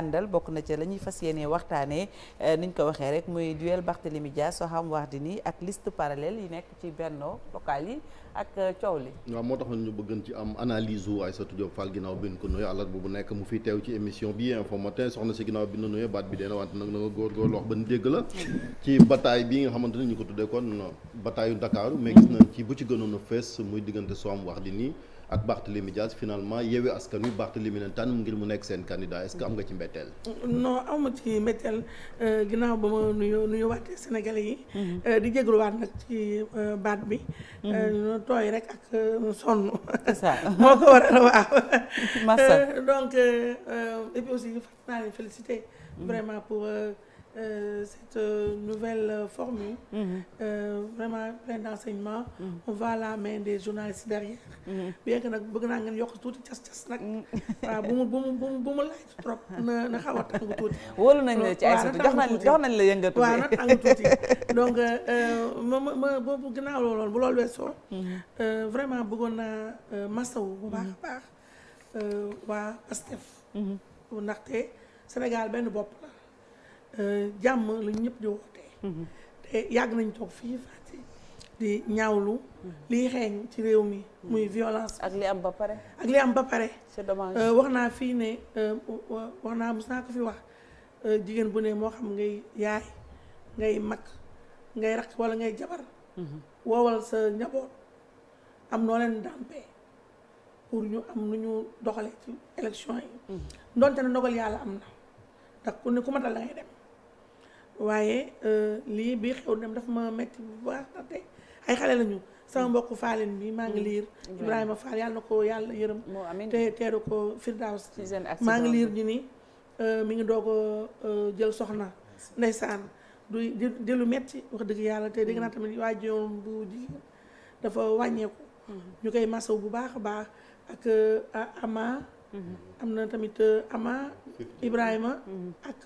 àndal bokk na ca la ñuy fas yéene waxtaanee eh, ni ñu ko waxee rek muy duel Barthélémy Dias Soham Wardini ak liste parallèle yi nekk ci Benno local yi ak eh, coow li waaw moo tax ñu bëgg ci am analyse wu Aïssatou Diop Fall ginnaaw bi ñu ko nuyoo àllarba bu nekk mu fi teew ci émission bi Infos Matin soxna si ginnaaw bi ñu nuyoo baat bi dee na wante nag na nga góorgóorlu wax ba ñu dégg la mm-hmm. ci bataille bi nga xamante ne ñu ko tuddee kon bataayu Dakar mais gis nañ ci bu ci gënoon a fees muy diggante Soham Wardini ak Barthélémy Dias finalement Yewwi Askan Wi Barthélémy leen tànn ngir mu nekk seen candidat est-ce que am nga ci mbetteel. non am ci mbetteel euh, ginnaaw ba ma nuyu nuyu waatee Sénégalais yi. Mhm. Euh, di jégaluwaat nag ci euh, baat bi. Mhm. ñu tooy rek ak sonn. moo ko waral waaw. donc et puis mhm. vraiment pour. euh, cette euh, nouvelle euh, formule. Mm-hmm. Euh, vraiment pleine d'enseignement. Mm-hmm. on va à la main des journalistes derrière. Mm-hmm. bien que nag bëgg naa ngeen yokk tuuti cas-cas nag. waaw bu mu bu mu bu mu laaj trop na na xaw a tàng tuuti. wóolu nañ ci ay surtout jox nañ jox nañ la yëngatu. waaw na tàng tuuti donc ma ma ma boobu loolu bu loolu weesoo. vraiment bëggoon naa wu bu baax a baax waa PASTEF. ndaxte Sénégal benn bopp la. jàmm la ñëpp di wootee mhm. te yàgg nañ toog fii fàtte di ñaawlu mhm. liy xeeñ ci réew mi mhm. muy violence ak li am ba pare ak li am ba pare c'est dommage euh, wax naa fii ne euh, wax naa mos naa ko fi wax euh, jigéen bu ne moo xam ngay yaay ngay mag ngay rakk walla ngay jabar woowal sa njaboot am noo leen dàmpee pour ñu am nu ñu doxale ci élection yi ndonte ne ndogal yàlla am na ndax ku ne ku matal da dem waaye euh, lii bi xew dem dafa ma metti bu baax ndaxte ay xale lañu sama mbokku faaleen bi maa ngi mm. liir Ibrahima Fall yàlla na ko yàlla yërëm te teeru ko Firdaws maa ngi liir ñu ni euh, mi ngi doog a euh, jël soxna ndeysaan du di lu metti wax dëgg yàlla te dégg naa mm. tamit waajoom bu jigéen dafa wàññeeku mm-hmm. ñu koy masaw bu baax a baax ak Ama mm-hmm. am na tamit Ama Ibrahima mm-hmm. ak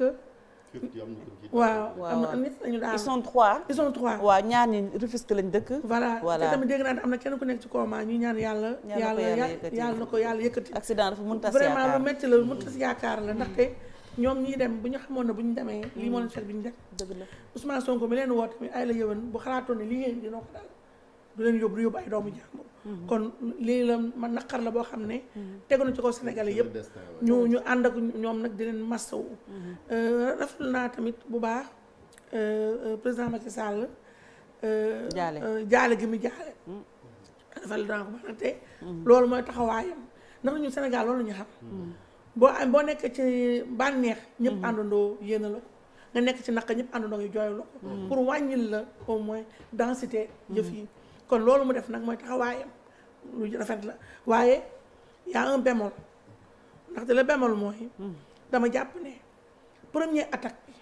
waaw am na nit lañu daan ils sont trois. ils sont trois waaw ñaar ñi Rufisque lañ dëkk. voilà te tamit dégg naa ne am na kenn ku nekk ci coma ñu ñaan yàlla. yàlla yàlla na ko yàlla yëkkati. accident dafa mën tas yaakaar vraiment lu la ndaxte. ñoom ñiy dem bu ñu xamoon ne bu ñu demee. lii moo leen fekk bi ñu def. dëgg la Ousmane mi leen woo tamit ay la yëwan bu xalaatoon ne lii ngeen dina ko daal. du leen yóbbu yóbbu ay doomu jàmbur mm-hmm. kon lii la ma naqar la boo xam ne mm-hmm. tegu na ci ko Sénégalais yëpp ñu ñu ànd ak ñoom nag di leen massawu mm-hmm. euh, rafetlu naa tamit bu baax euh, euh, président Macky Sall jaale gi mu jaale rafetlu naa ko ba nag te loolu mooy taxawaayam ndax ñu Sénégal loolu ñu xam boo am boo nekk ci bànneex ñëpp àndandoo yéena la ko nga nekk ci naq ñëpp àndandoo ngi jooyal la ko pour wàññil la au moins jëf yi kon loolu mu def nag mooy taxawaayam lu rafet la waaye y a un bémol ndaxte le bémol mooy. dama jàpp ne première attaque bi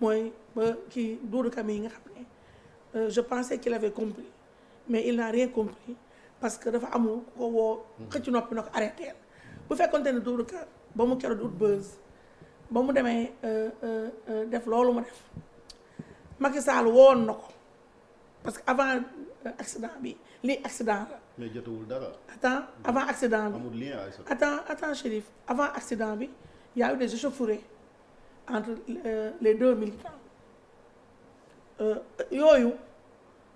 mooy ba kii Doudou Kami yi nga xam ne euh, je pensais qu'il avait compris mais il n'a rien compris parce que dafa amul ku ko woo. xëcc noppi na ko arrêté bu fekkonte ne Doudou Ka ba mu keroog ut buzz ba mu demee euh, euh, def loolu mu def Macky Sall woon na ko parce avant. accident bi lii accident la. mais jotewul avant accident bi amul lien attends avant accident bi y a eu des échauffourées entre euh, les deux militants euh, yooyu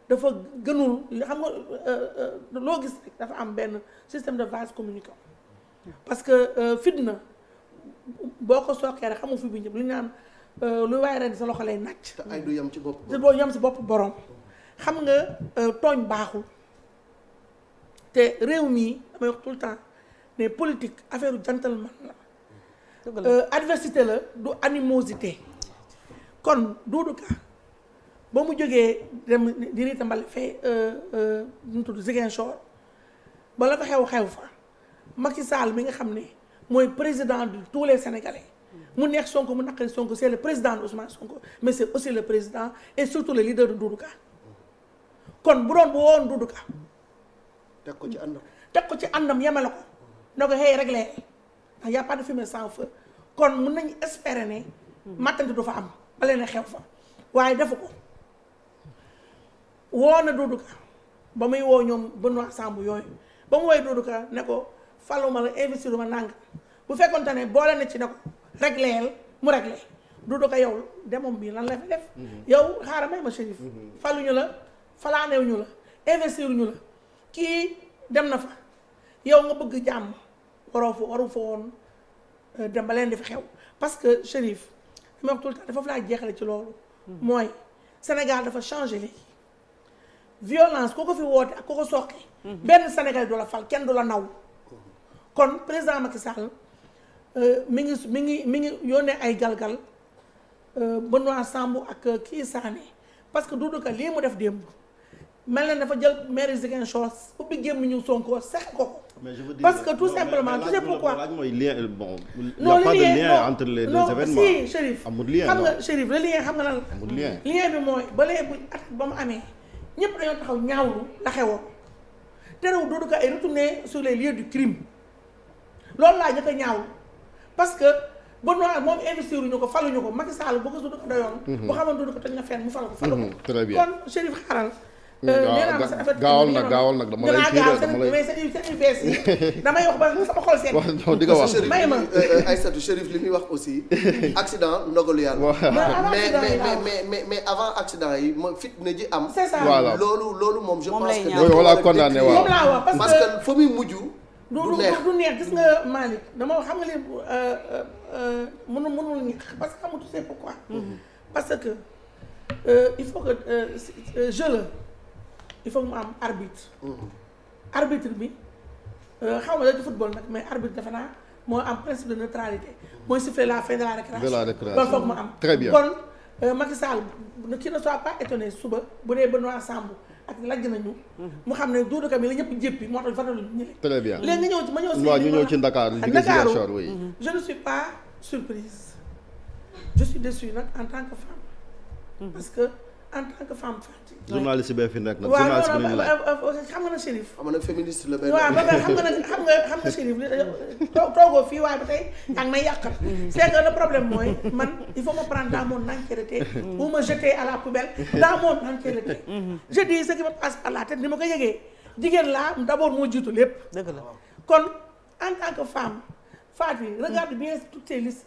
dafa gënul xam euh, loo gis dafa am benn système de vase communicant parce que fitna boo ko sookee rek xamul fi bu ñëpp lu ñu naan lu waaye ren sa loxo lay nàcc. te ay du yem ci bopp borom te si bopp borom. xam nga euh, tooñ baaxul te réew mii damay wax tout le temps ne politique affaire gentleman la euh, adversité la du animosité kon Doudou Ka ba mu jógee dem di Rita Mbale fee ñu euh, tudd Ziguinchor ba la fa xew xew fa Macky Sall mi nga xam ne mooy président de tous les Sénégalais mu neex Sonko mu naqari Sonko c'est le président de Ousmane Sonko mais c'est aussi le président et surtout le leader de Doudou kon bu doon bu woon Doudou teg ko ci àndam teg ko ci àndam yemale ko na ko xëy réglé ndax y a pas de fumée kon mun nañu espere ne mattante du fa am ba leen xew fa waaye defu ko woo na Doudou Ka ba muy woo ñoom Benoît Sambou yooyu ba mu woy Doudou ne ko faluma la investir ma nang bu fekkonte ne boole na ci ne ko régleel mu réglé Doudou Ka yow demoom bii lan la fi def mm-hmm. yow xaaral may ma Chérif mm-hmm. faluñu la falaanew la investir ñu la kii dem na fa yow nga bëgg jàmm waroo fa waru fa woon euh, dem ba leen di xew parce que Chérif dama wax tout dafa fa laa jeexale ci loolu hmm. mooy Sénégal dafa changé léegi violence ku ko fi woote ak ku ko soqi hmm. benn Sénégal du la fal kenn du la naw kon président Macky Sall euh, mi ngi mi ngi mi ngi yónnee ay galgal euh, Benoît Sambou ak kii Sané parce que Doudou Ka lii mu def démb mel na dafa jël maire Ziguinchor ubbi gémmiñu Sonko sex ko ko. mais je veux dire parce que tout non, simplement tu sais pourquoi. laaj mooy lien bon. non le a pas de lien entre si Chérif xam nga Chérif le lien xam nga lan lien bi mooy ba bu at ba mu amee ñëpp dañoo taxaw ñaawlu la xewoon terewul Doudou Ka ay retourné sur les lieux du crime loolu laa njëkk a ñaawlu parce que ba noor moom investir ñu ko faluñu ko Macky Sall bu ko Doudou Ka doyoon. Mhm. bu xamoon Doudou Ka toj na fenn mu falu ko. falu ko mhm, kon Chérif xaaral. Euh, gaawal nag gaawal nag dama lay kii dama lay damay wax ba may ma. Euh, euh, Aïssatou Chérif li muy wax aussi accident ndogalu yàlla. mais mais mais yi ma fitna ji am. loolu moom je pense que. wala parce que fa muy mujj. neex du neex gis nga Malick dama xam nga leen mënu mënul ñàkk parce que xamatu c'est pourquoi. Mhm. parce que il faut que je la. il faut mu am arbitre. Mm-hmm. arbitre bi euh, xaw ma ci football nag mais arbitre defe naa moo am principe de neutralité mooy siffler la fin de la récréation. de la récréation loolu foog mu am. très bien kon euh, Macky Sall qui ne soit pas étonné suba bu dee Benoît Sambou ak lajj nañu. Mm-hmm. mu xam ne Doudou Ka mi la ñëpp jéppi moo tax fàttali ñu ne. très bien léegi nga ñëw ci ma ñëw si. waaw ñu ñëw ci Dakar ñu ngi si oui. Mm-hmm. je ne suis pas surprise je suis déçue nag en tant que femme. parce que. en tant que femme Fatick. journaliste bee fi nekk mooy man il faut me prendre dans mon entièreté. ko yëgee jigéen laa d'abord moo jiitu lépp. dëgg la kon en tant que femme Fatou yi regarde bien toutes ces listes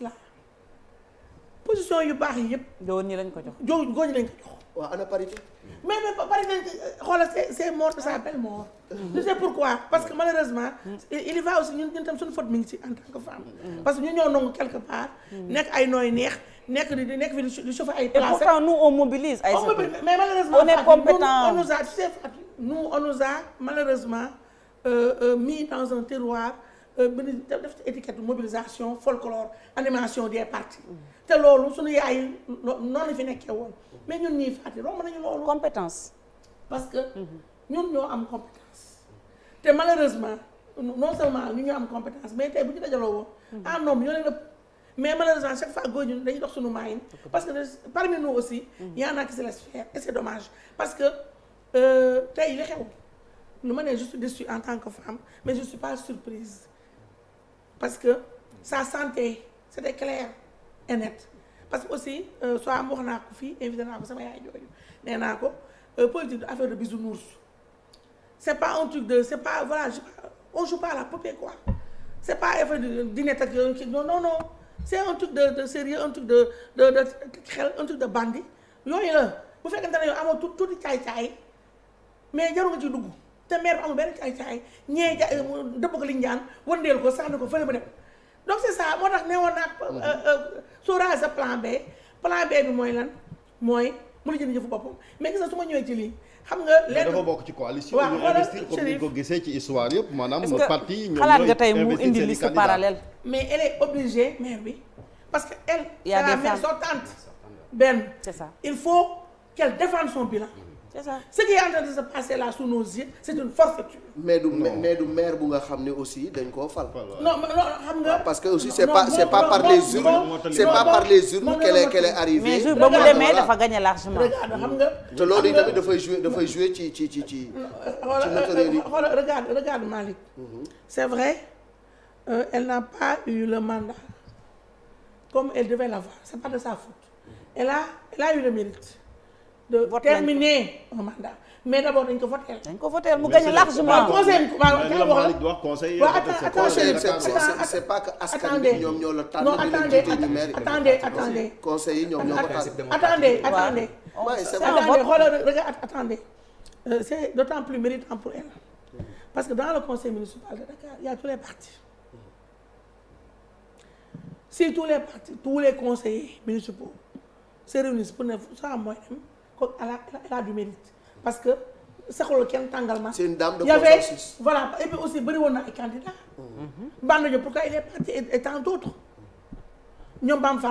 position yu baax yi yëpp. góor ñi lañ ko jox góor ñi lañ ko jox. waaw ana parité. mais mais parité xoolal c'est c'est mort ça belle mort. tu sais pourquoi parce que malheureusement. il y va aussi ñun ñun tam suñu faute mi ngi ci en tant que femme. parce que ñu ñoo nangu quelque part. nekk ay nooy neex nekk di nekk fi di chauffer ay. place et pourtant on mobilise. ay on malheureusement. on est compétent on nous a tu a malheureusement euh, euh, mis dans un terroir euh, bi def ci étiquette mobilisation folklore animation des partis. te loolu suñu yaay yi noonu la fi nekkee woon mais ñun ñuy fàtte romb nañu loolu. compétence. parce que mhm. ñun ñoo am compétence. te malheureusement non seulement ñu ñoo am compétence mais tey bu ñu dajaloo woon. en mhm. ah nombre ñoo leen ëpp mais malheureusement chaque fois góor ñun dañuy dox suñu maayin parce que parmi nous aussi. Mhm. y en a qui se laissent et c'est dommage parce que euh, tey li xew lu ma ne je suis déçue en tant que femme mais je suis pas surprise parce que sa santé c'était clair. et parce que aussi soo am wax naa ko fii invité naa ko sama yaay jooju nee naa ko euh, politique du affaire de bisounours c'est pas un truc de c'est pas voilà on joue pas à la poupée quoi c'est pas kii non non non c'est un truc de de sérieux de de de xel un truc de bandit yooyu la bu fekkente ne yow amoo tu tuuti caay-caay mais jaru nga ci dugg te maire bi amul benn caay-caay ñee ja euh, dëpp ko liñ jaan wëndeel ko sànni ko fële ba dem. donc c'est ça moo tax ne woon naa euh, mhm. euh, sóoraale sa plan B plan B bi mooy lan mooy mën a jënd jëfu boppam mais gis nga su ma ñëwee ci lii xam nga lenn bokk ci coalition waaw wala investir comme ko gisee ci histoire yëpp maanaam parti ñoom xalaat nga tey mu indi liste parallèle mais elle est obligée maire bi parce que elle c'est la maire sortante benn c'est ça il faut qu'elle défende son bilan c'est ça ce qui est en train une forfaiture. mais mais du maire bu nga xam ne aussi dañ koo fal. non non xam nga. Ah, parce que aussi c'est pas c'est pas par les urnes. c'est pas par les urnes qu'elle est qu'elle est arrivée. mais jour ba mu demee dafa gagné largement. regarde xam dafay jouer dafay jouer ci ci ci ci. xoolal euh, euh, euh, regarde regarde Malick. Mhm. c'est vrai euh, elle n'a pas eu le mandat comme elle devait l'avoir c'est pas de sa faute. elle a elle a eu le mérite. de terminer un mandat mais d' abord dañ ko voté. dañ ko voté mu gagné largement. conseil waaw conseil waaw c' est pas que askan bi ñoom ñoo la tànn. non attendez attendez attendez. conseil yi ñoom ñoo ko tànn. attendez attendez. c' est attendez c' est d' plus méritant pour elle parce que dans le conseil municipal de Dakar y' tous les partis si tous les partis tous les conseillers municipaux se réunissent pour ne ça mooy dem. kon elle a du mérite parce que saxuloo kenn tàngal ma. c'est une dame de consensus voilà aussi bëri na ay candidats. Mhm. Mbanda Diop pourquoi il est parti et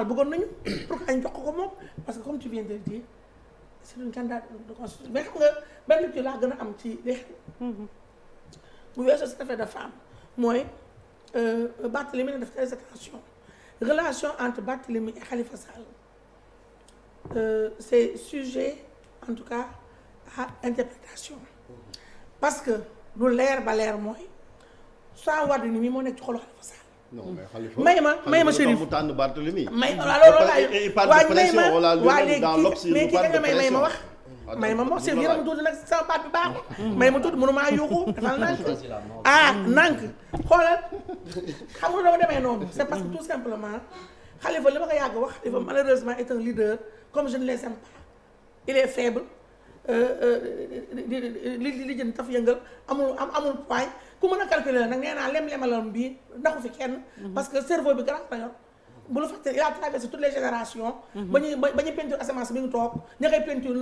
bëggoon nañu pourquoi ñu jox ko moom parce que comme tu viens de le dire c'est une candidate de consensus mais xam nga benn kii laa gën a am ci li mhm. bu weesoo cette affaire de femme mooy euh, Barthélémy na def très attention relation entre Barthélémy et Khalifa Sall. euh, c'est sujet en tout cas à interprétation parce que lu leer ba leer mooy Soham Wardini mi moo nekk ci xolu Khalifa Sall. non mais Khalifa ma may ma Chérif mu tànn Barthélemy. ma waaw loolu laay waa léegi mais kii da nga may may ma wax. may ma wax Chérif yaram a nag sama baat bi baaxul. Mm-hmm. Mm-hmm. may ma tuuti mënumaa yuuxu defal nànk ah, c'est parce que tout simplement. Khalifa li ma ko yàgg wax Khalifa malheureusement est un leader comme je ne les aime pas il est faible li li jën taf yëngal amul am amul ku mën a calculer nag nee naa lem-lemalam bii ndaxu fi kenn mhm. parce que cerveau bi grand la yor a traversé toutes les générations mhm. ba ba ñuy peinture mi ngi toog ña koy peinture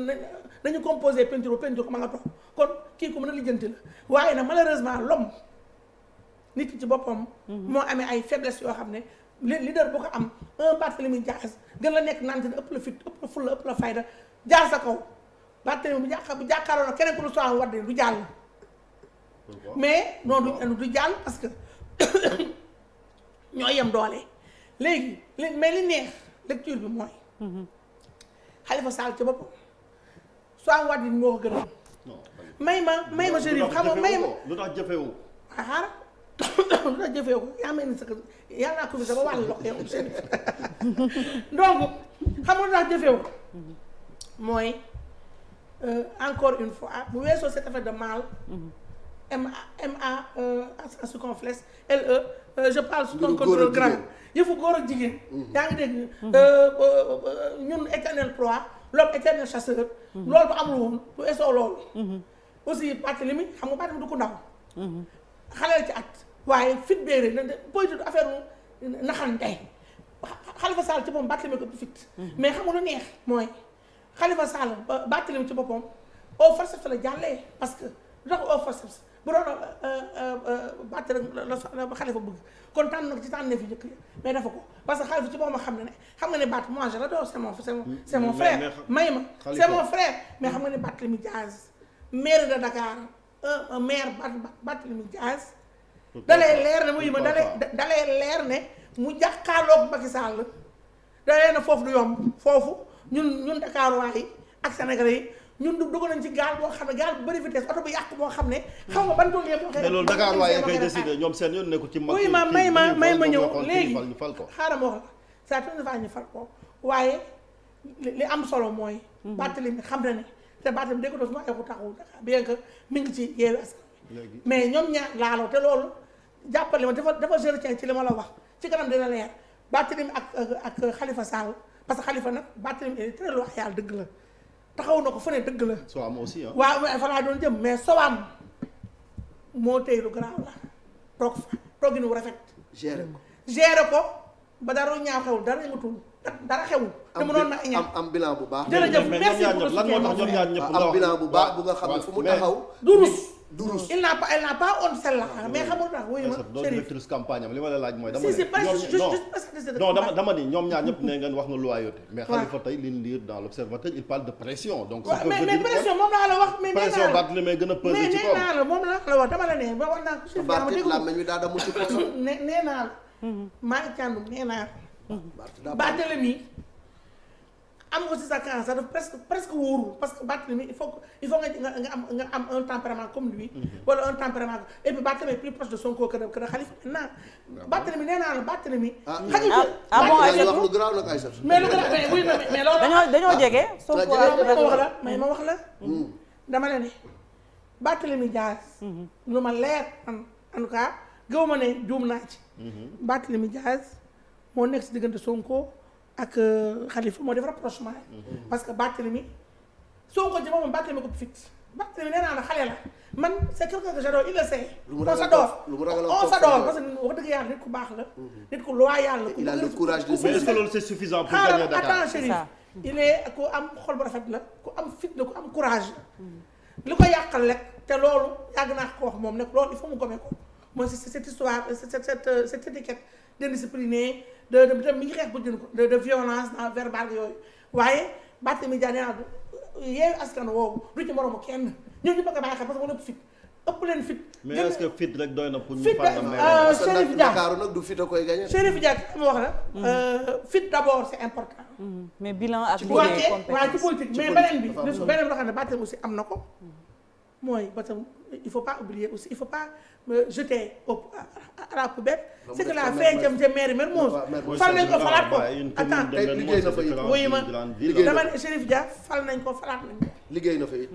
nañu composé peinture ba peinture ko ma nga toog kon kii a lijjanti la waaye nag malheureusement l'homme nit ki ci boppam mhm. moo amee ay faiblesse yoo xam ne leader bu ko am un Barthélemy Dias gën la nekk naan te ëpp la fit ëpp la fulla ëpp la fayda jaar sa kaw Barthélemy bu jàkkaar bu jàkkaaroon ak keneen ku lu soxla war de du jàll. mais non du du parce que ñoo yem doole. léegi li mais li neex bi mooy. Mhm. Khalifa Sall ci boppam soxla war di moo ko gënoon. may ma may ma Chérif xam nga may ma lu tax jëfewu. lu tax jëfee ko yaa mel ni sa yàllaa ko fi sa ba wàll loxo yow donc xam nga lu tax ko mooy euh, encore une fois bu weesoo cette affaire de mal ma ma à circonflexe le je mm-hmm. mm-hmm. euh, euh, mm-hmm. loolu bu amul woon bu weesoo loolu aussi parti li xam nga parti mi du ko ndaw xaleel ci at waaye fit bee rek nag booy tudd affaire mu naxante Khalifa Sall ci boppam Barthélémy ko fit mhm. mais xam nga lu neex mooy Khalifa li mu ci boppam au forceps la jàllee parce que lu tax au forceps bu doon euh, euh, euh, bàtte rek la xalifa bëgg kon tànn na ci tànn fi njëkk mais dafa ko parce que xalifa ci ma xam ne ne xam nga ne baat moi je l'adore c'est mon c'est mon mm, frère may ma c'est mon frère mais mm. xam nga ne Barthélémy Dias maire de Dakar maire Barthélémy dalee leer ne mu ma dalee dalee leer ne mu jàkkaarloog Macky Sall dalee na foofu du yomb foofu ñun ñun Dakar yi ak Sénégalais yi ñun du dugg nañ ci gaal boo xam ne gaal bu bëri vitesse oto bu yàqu moo xam ne xam nga ban tool yee boo xee loolu Dakar waaye koy décider ñoom seen ci mag oui ma may ma may ma ñëw léegi xaaral ma wax la saa tu ñu fal ko waaye li am solo mooy hmm. Barthélémy xam na ne te Barthélémy dégg ko doon su ma ay ko taxawu Dakar bien que mi ngi ci yeewu askan mais ñoom ñaar laaloo te loolu jàppale ma dafa dafa je retiens ci li ma la wax ci kanam dina leer Barthélémy ak euh, ak Khalifa Sall parce que Khalifa nag Barthélémy est très loyal dëgg la taxaw na ko fu ne dëgg la. Soham aussi ah. waaw fa laa doon jëm mais Soham moo tey lu garaaw la toog fa toogin wu rafet. gérer ko gérer ko ba dara ñaaw xewul dara yëngatul dara xewul. te mënoon na ñaan am am bilan bu baax. jërëjëf merci beaucoup lan moo tax ñoom ñaar ñëpp nga wax am bilan bu baax bu nga xam ne fu mu taxaw. du rus. du rus il n'a pas il n'a pas honte celle la laaj mooy dama ne non dama dama ni wax na loyauté mais wax mais a la moom wax dama la ne ba wax naa ko ma déglu am aussi sa candidat sax parce que Barthélemy il faut il faut nga nga am nga am un tempérament comme lui. Mhm. wala un tempérament et puis Barthélemy plus proche de Sonko que de que de ma wax la mais mm. la. dama la ne Barthélemy Diaz. Mm-hmm. lu ma leer en en tout ne juum naa ci. Mm-hmm. Barthélemy Diaz moo nekk si diggante Sonko. ak euh, Khalifa moo def rapprochement mhm. parce que Barthélemy Sonko ci moom Barthélemy ko fit Barthélemy nee naa la xale la man c'est quelqu'un que j'adore il le sait on s'adore on s'adore parce que wax dëgg yàlla nit ku baax la mhm. nit ku loyal la il a le courage de mais est-ce que loolu c'est suffisant pour gagner Dakar attends chéri il est ku am xol bu rafet la ku am fit la ku am courage li ko yàqal rek te loolu yàgg naa ko wax moom nag loolu il faut mu gome ko mooy cette histoire cette cette cette étiquette d'indiscipliné de de de mi ngi xeex bu jën ko de de violence dans verbale yooyu waaye Barthélémy Dias nee naa yeewu askan woowu du ci moromu kenn ñun ñu bëgg a bàyyi xel parce que na pour ñu. Euh, a koy mm. euh, mm. bi beneen bi nga xam ne Barthélémy aussi am na ko. Mm. mooy parce il faut pas oublier aussi il faut pas jeté à la poubelle c'est que la fin jëm ca maire Mermoz fal nañ ko falaat ko attends liggéey na fa fal nañ ko falaat nañ ko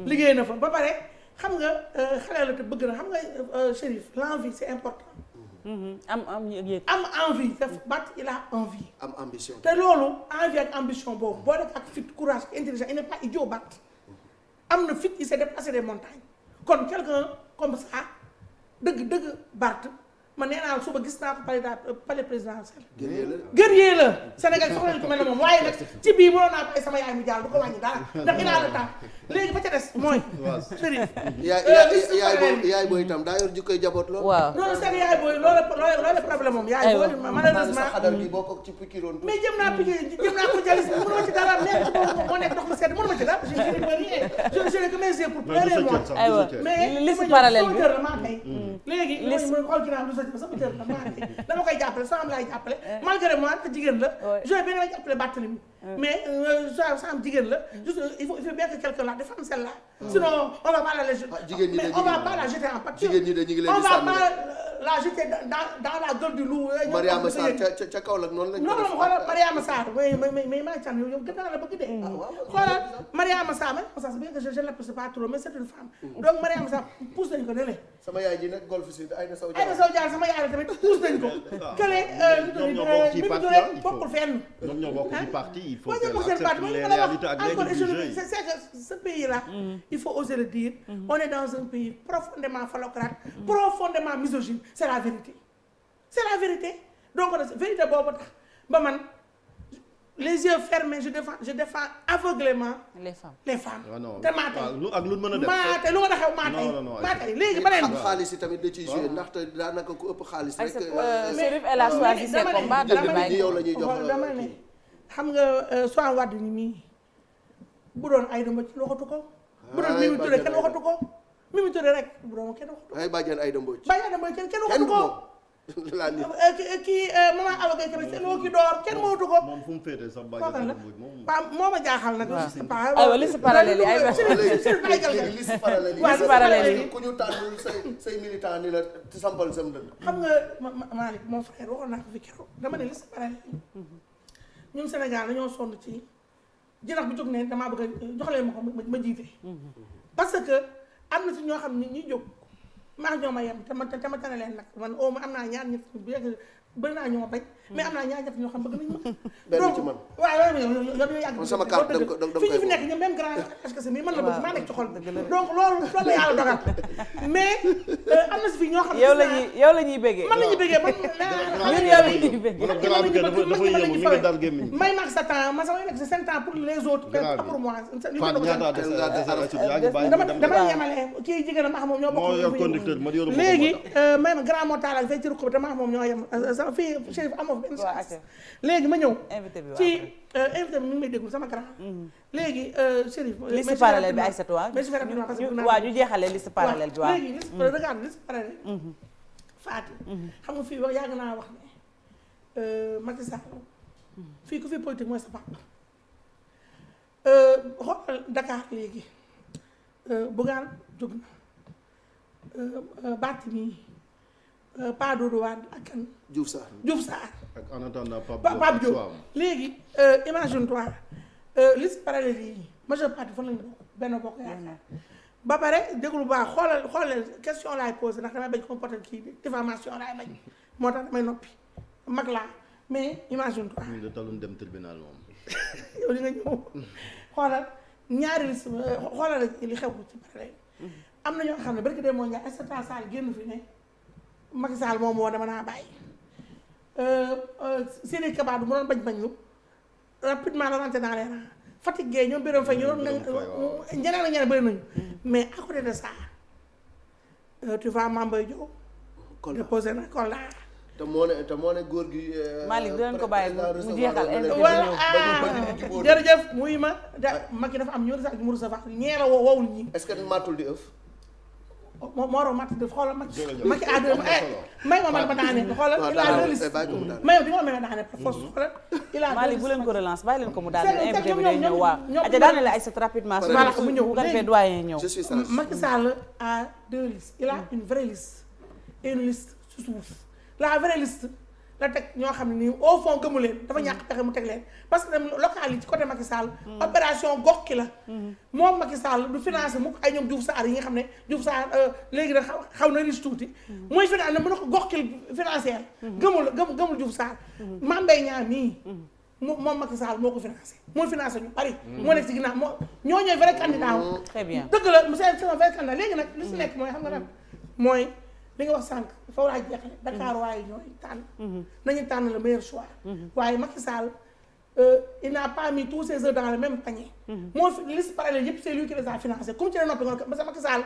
liggéey na fa ba pare xam nga euh, xale la te bëgg na xam nga euh, Chérif l'envie c'est important mm-hmm. am am am envie daf bat il a envie am ambition te loolu envie ak ambition boobu boo def ak fit courage intelligent il n'est bat am na fit il s'est déplacé des montagnes kon quelqu'un comme ça dëgg dëgg Bart man nee naa suba gis naa ko euh, palais présidentiel. guerrier la Sénégal soxla nañu ko mel ne moom waaye nag ci bii mënoon naa ko ay sama yaay mi jàll du ko wàññi dara ndax il a le temps léegi ba ca des mooy. waaw Serigne. Euh, yaay booy yaay booy itam jaboot loolu seen yaay booy loolu loolu problème moom. yaay booy malheureusement xadal bi boo mais jëm naa piki jëm naa bi mënoo ci dara mais moo nekk reconnaître ma sama jël la maa ngi dama koy jàppale Sam laay eh. malgré moi te jigéen la joué bi ngay jàppale Barthélemy mais euh, Sam jigéen la mm. juste il faut bien que quelqu'un la défende celle-là sinon on va pas la laisser ah, jigéen ñi mais on jigéen la jeté dans dans la gueule du loup. Eh, Mariama Sarr ca ca ca Kaolack noonu la ñu. non non xoolal Mariama Sarr mais mais mais maa ngi tànn yow gën naa la bëgg dee. Ah, xoolal Mariama Sarr man parce que bien que je je l'apprécie pas trop mais c'est une femme. Mm. donc Mariama Sarr pousse nañu ko délai. sama yaay ji nag golf si Aïda Sow Diawara Aïda Sow Diawara sama yaay la tamit pousse nañu ko. kële ah. euh, ñoom ñoo bokk ci parti il faut bokkul fenn. ñoom ñoo bokk ci parti il faut que accepte les réalités ak les réalités c'est que ce pays là. Mm. il faut oser le dire. Mm. on est dans un pays profondément phallocrate, profondément misogyne. c'est la vérité c'est la vérité donc vérité boobu tax ba man les yeux fermés je défends je défends aveuglément. les femmes les femmes. Ah te maa tey lu ak lu mën a def maa tey lu ma taxaw maa tey. maa tey léegi ba leen. xaalis yi tamit da ciy joué ah. ndaxte daanaka ku ëpp xaalis. rek euh, Chérif elle a choisi yow la ñuy jox dama ne xam nga euh, soo am wàdd ni mii bu doon ay dama ci waxatu ko. Ah, bu doon mi kenn waxatu ko. Touré rek bu kenn waxatu ko. ay Badiane Aïda Mbodj. Badiane Aïda kenn kenn waxatu ko. laa nii euh, euh, kii euh, maman avocat kii seen woo kii door kenn mootu ko. moom fu mu féetee sax Badiane Aïda Mbodj ma jaaxal nag. waaw aywa liste parallèle yi aywa. liste parallèle yi liste sampal sam dënd. xam nga ma Malick mon frère waxoon naa ko fi keroog dama ne liste parallèle yi. ñun Sénégal dañoo sonn ci jinax bu jóg ne damaa bëgg a jox leen ma ko ma jiite. Mhm. parce que. am na si ñoo xam ne ñi jóg maa ñoo ma yem te ma te ma tane leen nag man au am naa ñaar ñett bëri naa ñoo bañ mais am naa ñaar ñett ñoo xam bëgg nañ ma. benn ci man waaw yow yow yàgg man sama carte dama ko dama koy fi ñu fi nekk ñoom même grand est-ce que c'est mii man la bëgg maa nekk ci xol donc loolu loolu la yàlla dogal mais euh, am na si fii ñoo xam yow la ñuy yow la ñuy bëggee man la ñuy bëggee man ñun yow la ñuy bëggee grand bi dafa yëngu mi nga dar gémmiñ may max sa temps ma sama nekk si seen temps pour les autres pas pour moi damay yemale kii jigéenam ak moom ñoo bokk léegi may euh, ma grand moo taalal fay ci rukk bi te ma moom ñoo yem euh, fii chérif amoo jox benn chance léegi ma ñëw ci invité bi mi euh, ngi may déglu sama grand mm-hmm. léegi euh, Chérif euh, liste parallèle bi Aïssatou waaw waaw ñu jeexalee liste parallèle bi waaw léegi liste mm-hmm. regarde liste parallèle mm-hmm. Faty xam nga fii wax yàgg naa wax ne Macky fii ku fi politique mooy sa papa xoolal Dakar léegi Bougane jóg na Barthélémy Pa Doudou ak kan Diouf Sarr ak en attendant Pape Diop léegi euh, imagine toi euh, liste parallèle yi majeure partie fan lañu bokk benn bokk yaakaar ba pare déglu baax xoolal xoolal question laay posé ndax damay bañ ko porté kii bi diffamation laay bañ moo tax damay noppi mag laa mais imagine toi ñu da dem tribunal moom li nga ñëw xoolal ñaari liste euh, xoolal rek li xew ci parallèle mm-hmm. am na ñoo xam ne barki de moo ñaar instant Sall génn fi ne Macky Sall moom woo dama naa bàyyi Euh, euh, Siré Kaba du mu doon bañ bañu rapidement la rentré dans les rangs Fatick Gueye ñoom Birame Faye ñoom ñeneen ak ñeneen mm-hmm. mais à côté de ça euh, tu vois Mambay Diop. Kolda déposé na te moo te moo ne góor gi. Malick dinañ ko bàyyi mu jeexal jërëjëf muy ma da Macky dafa am ñoo sax mu recevoir ñee la wowul ñi. est-ce que matul di ëf. moo moo roon Macky xoolal Macky. jërëjëf Macky à deux may ma man ma daane a ma ma daane force xoolal. il a Malick bu leen ko relance bàyyi leen ko mu daane invité daane la ay set rapidement. voilà mu ñëw bu ko defee doyen ñëw. je suis ça Macky Sall a deux une vraie liste une liste su suuf la vraie la teg ñoo xam ne nii au fond gëmu leen dafa ñàkk pexe mu teg leen parce que dem local yi ci côté Macky Sall mm. opération gox ki la mm. moom Macky Sall du financé mu ay ñoom Diouf Sarr yi nga xam ne Diouf Sarr euh, léegi nag xaw na riche tuuti mm. mooy financé na mën na ko gox ki gëmul gëm gëmul Diouf Sarr Mame Mbaye Niang nii moom Macky Sall moo ko financé moo financé ñu bari moo nekk ci ginnaaw moo ñoo ñooy vrai candidat wu très dëgg la monsieur c'est un vrai candidat léegi nag li si nekk mooy xam nga lan mooy li nga wax sànq foofu laa jeexale mhm. Dakar waaye ñooy tànn mhm. nañu tànn le meilleur choix mhm. waaye Macky Sall euh, il n'a pas mis tous ses œufs dans le même panier moo fi liste parallèle yëpp c'est lui qui les a financé comme ci ne noppi nga parce que Macky Sall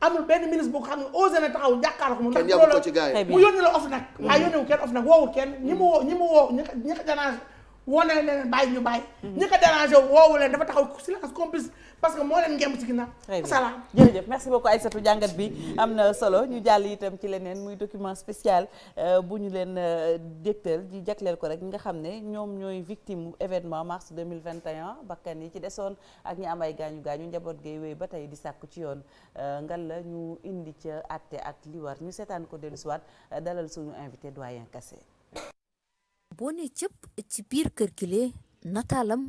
amul benn ministre boo xam ne osé na taxaw jàkkaarloo ko moom ndax mu yónni la of nag waaye yónnewu kenn of nag woowul kenn ñi mu woo ñi mu woo ñi ko ñi woo na leen bàyyi ñu bàyyi. ñi ko dérangé woowu leen dafa taxaw silence complice parce que moo leen ngemb ci ginnaaw. salaam jërëjëf merci beaucoup Aïssatou jàngat bi am na solo ñu jàll itam ci leneen muy document spécial euh, bu ñu leen euh, dégtal di jagleel ko rek ñi nga xam ne ñoom ñooy victime événement mars 2021 bakkan yi ci desoon ak ñi am ay gaañu gaañu njaboot gay wéy ba tey di sàkku ci yoon euh, ngal la ñu indi ca àtte ak li ñu seetaan ko dellusiwaat dalal suñu invité doyen Kassé. boo ne cëpp ci biir kër gi lee nataalam